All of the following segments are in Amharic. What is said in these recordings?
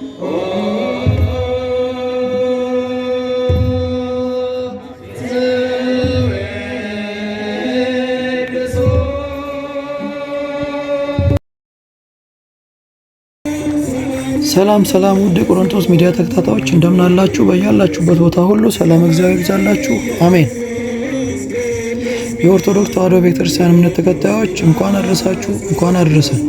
ሰላም ሰላም ውድ የቆሮንቶስ ሚዲያ ተከታታዮች እንደምን አላችሁ? በያላችሁበት ቦታ ሁሉ ሰላም እግዚአብሔር ይብዛላችሁ፣ አሜን። የኦርቶዶክስ ተዋሕዶ ቤተክርስቲያን እምነት ተከታዮች እንኳን አደረሳችሁ፣ እንኳን አደረሰን።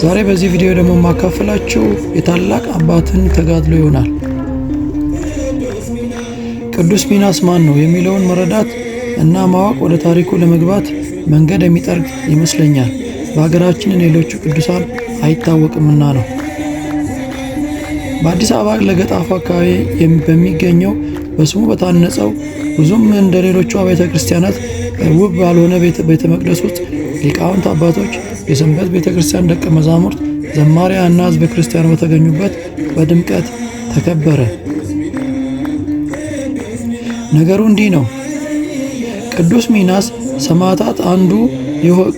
ዛሬ በዚህ ቪዲዮ ደግሞ የማካፈላችሁ የታላቅ አባትን ተጋድሎ ይሆናል። ቅዱስ ሚናስ ማን ነው የሚለውን መረዳት እና ማወቅ ወደ ታሪኩ ለመግባት መንገድ የሚጠርግ ይመስለኛል። በሀገራችን ሌሎቹ ቅዱሳን አይታወቅምና ነው። በአዲስ አበባ ለገጣፉ አካባቢ በሚገኘው በስሙ በታነጸው ብዙም እንደ ሌሎቹ ቤተ ክርስቲያናት ውብ ባልሆነ ቤተ መቅደስ ውስጥ ሊቃውንት አባቶች፣ የሰንበት ቤተ ክርስቲያን ደቀ መዛሙርት፣ ዘማሪያና ሕዝበ ክርስቲያን በተገኙበት በድምቀት ተከበረ። ነገሩ እንዲህ ነው። ቅዱስ ሚናስ ሰማዕታት አንዱ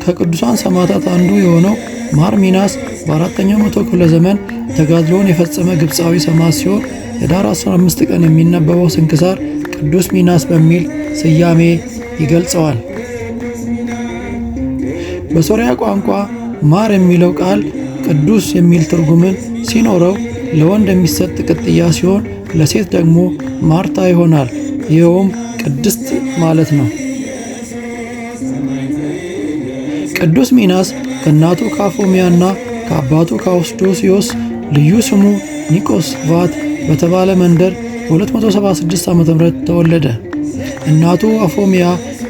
ከቅዱሳን ሰማዕታት አንዱ የሆነው ማር ሚናስ በአራተኛው መቶ ክፍለ ዘመን ተጋድሎውን የፈጸመ ግብፃዊ ሰማዕት ሲሆን ህዳር 15 ቀን የሚነበበው ስንክሳር ቅዱስ ሚናስ በሚል ስያሜ ይገልጸዋል። በሶሪያ ቋንቋ ማር የሚለው ቃል ቅዱስ የሚል ትርጉምን ሲኖረው ለወንድ የሚሰጥ ቅጥያ ሲሆን ለሴት ደግሞ ማርታ ይሆናል። ይኸውም ቅድስት ማለት ነው። ቅዱስ ሚናስ ከእናቱ ከአፎሚያና ከአባቱ ከአውስዶስዮስ ልዩ ስሙ ኒቆስ ቫት በተባለ መንደር በ276 ዓ.ም ተወለደ። እናቱ አፎሚያ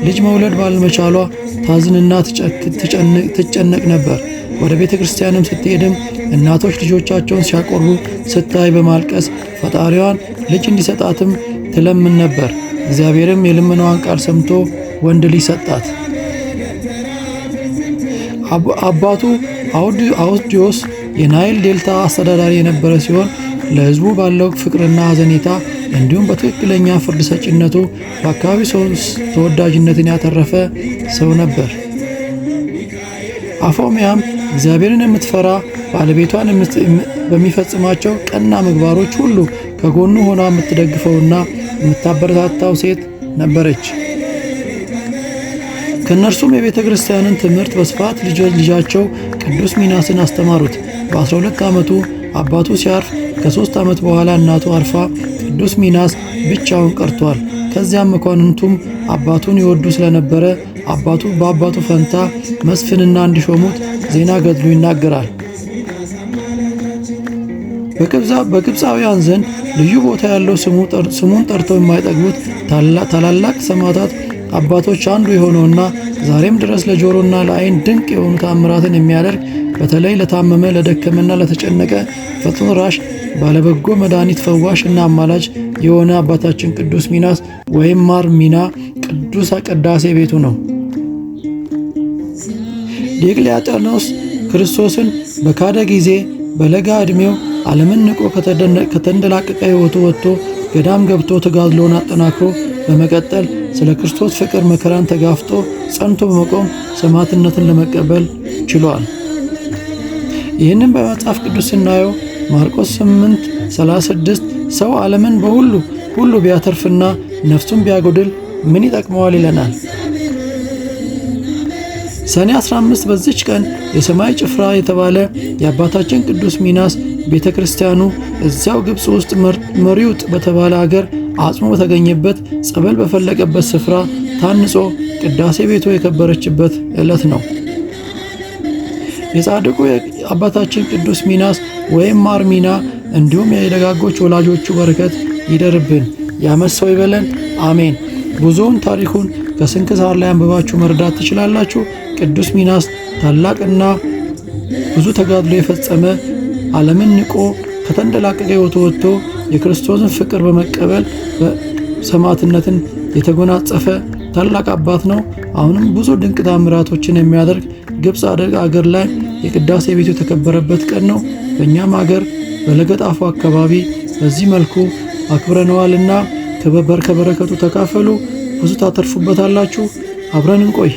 ልጅ መውለድ ባለመቻሏ ታዝንና ትጨነቅ ነበር። ወደ ቤተ ክርስቲያንም ስትሄድም እናቶች ልጆቻቸውን ሲያቆርቡ ስታይ በማልቀስ ፈጣሪዋን ልጅ እንዲሰጣትም ትለምን ነበር። እግዚአብሔርም የልመናዋን ቃል ሰምቶ ወንድ ልጅ ሰጣት። አባቱ አውዲዮስ የናይል ዴልታ አስተዳዳሪ የነበረ ሲሆን ለሕዝቡ ባለው ፍቅርና ሀዘኔታ እንዲሁም በትክክለኛ ፍርድ ሰጭነቱ በአካባቢው ሰው ተወዳጅነትን ያተረፈ ሰው ነበር። አፎሚያም እግዚአብሔርን የምትፈራ ባለቤቷን በሚፈጽማቸው ቀና ምግባሮች ሁሉ ከጎኑ ሆና የምትደግፈውና የምታበረታታው ሴት ነበረች። ከእነርሱም የቤተ ክርስቲያንን ትምህርት በስፋት ልጃቸው ቅዱስ ሚናስን አስተማሩት። በ12 ዓመቱ አባቱ ሲያርፍ ከሦስት ዓመት በኋላ እናቱ አርፋ ቅዱስ ሚናስ ብቻውን ቀርቷል። ከዚያም መኳንንቱም አባቱን ይወዱ ስለነበረ አባቱ በአባቱ ፈንታ መስፍንና እንዲሾሙት ዜና ገድሉ ይናገራል። በግብፃውያን ዘንድ ልዩ ቦታ ያለው ስሙን ጠርተው የማይጠግቡት ታላላቅ ሰማዕታት አባቶች አንዱ የሆነውና ዛሬም ድረስ ለጆሮና ለዓይን ድንቅ የሆኑ ታምራትን የሚያደርግ በተለይ ለታመመ ለደከመና ለተጨነቀ ፈጥኖ ራሽ ባለበጎ መድኃኒት ፈዋሽ እና አማላጅ የሆነ አባታችን ቅዱስ ሚናስ ወይም ማር ሚና ቅዱስ ቅዳሴ ቤቱ ነው። ዲዮቅልጥያኖስ ክርስቶስን በካደ ጊዜ በለጋ ዕድሜው ዓለምን ንቆ ከተንደላቀቀ ሕይወቱ ወጥቶ ገዳም ገብቶ ተጋድሎውን አጠናክሮ በመቀጠል ስለ ክርስቶስ ፍቅር መከራን ተጋፍጦ ጸንቶ በመቆም ሰማዕትነትን ለመቀበል ችሏል። ይህንን በመጽሐፍ ቅዱስ ስናየው ማርቆስ 8 36 ሰው ዓለምን በሁሉ ሁሉ ቢያተርፍና ነፍሱን ቢያጎድል ምን ይጠቅመዋል ይለናል። ሰኔ 15 በዚች ቀን የሰማይ ጭፍራ የተባለ የአባታችን ቅዱስ ሚናስ ቤተ ክርስቲያኑ እዚያው ግብፅ ውስጥ መሪውጥ በተባለ አገር አጽሞ በተገኘበት ጸበል በፈለቀበት ስፍራ ታንጾ ቅዳሴ ቤቱ የከበረችበት ዕለት ነው። የጻድቁ አባታችን ቅዱስ ሚናስ ወይም ማር ሚና እንዲሁም የደጋጎች ወላጆቹ በረከት ይደርብን፣ ያመሰው ይበለን። አሜን። ብዙውን ታሪኩን ከስንክሳር ላይ አንብባችሁ መረዳት ትችላላችሁ። ቅዱስ ሚናስ ታላቅና ብዙ ተጋድሎ የፈጸመ ዓለምን ንቆ ከተንደላቀቀ ሕይወቱ ወጥቶ የክርስቶስን ፍቅር በመቀበል ሰማዕትነትን የተጎናጸፈ ታላቅ አባት ነው። አሁንም ብዙ ድንቅ ታምራቶችን የሚያደርግ ግብፅ አደግ አገር ላይ የቅዳሴ ቤቱ የተከበረበት ቀን ነው። በእኛም አገር በለገጣፉ አካባቢ በዚህ መልኩ አክብረነዋልና ከበበር ከበረከቱ ተካፈሉ፣ ብዙ ታተርፉበታላችሁ። አብረን እንቆይ።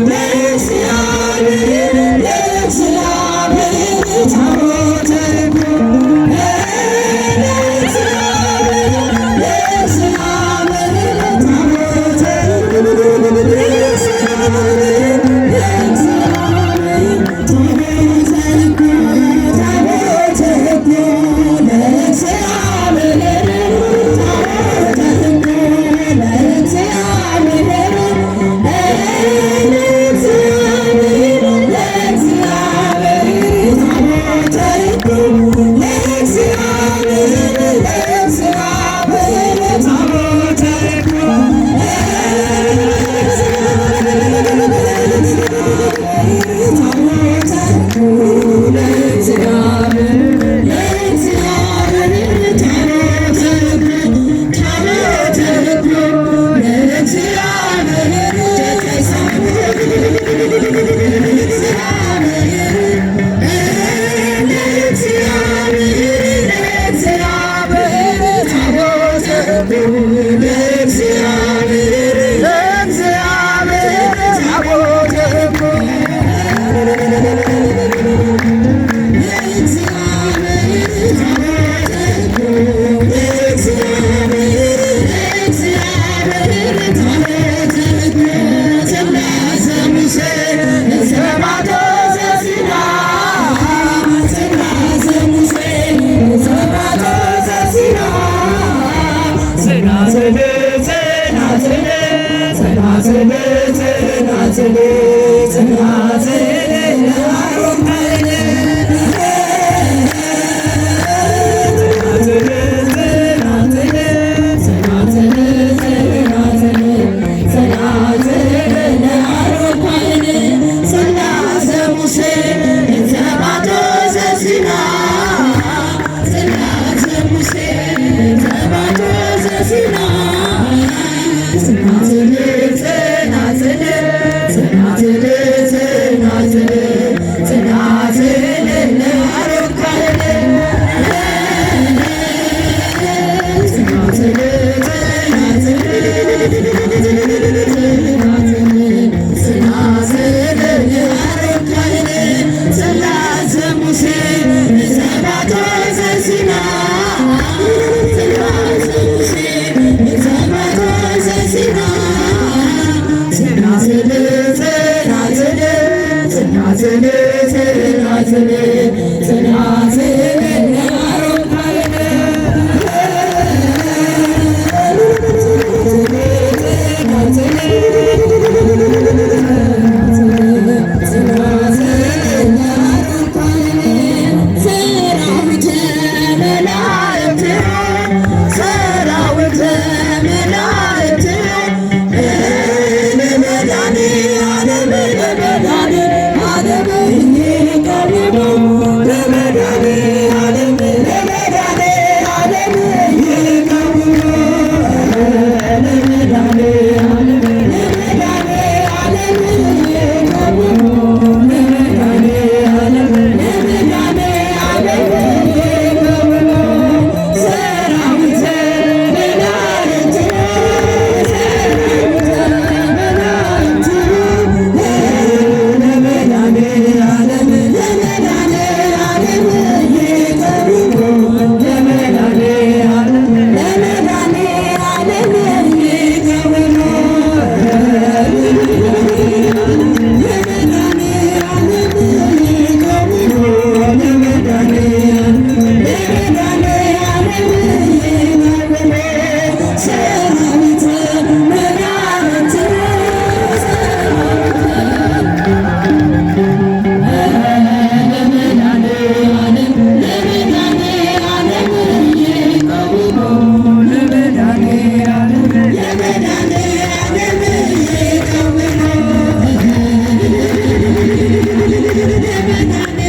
Amen. Amen. singing. ابدا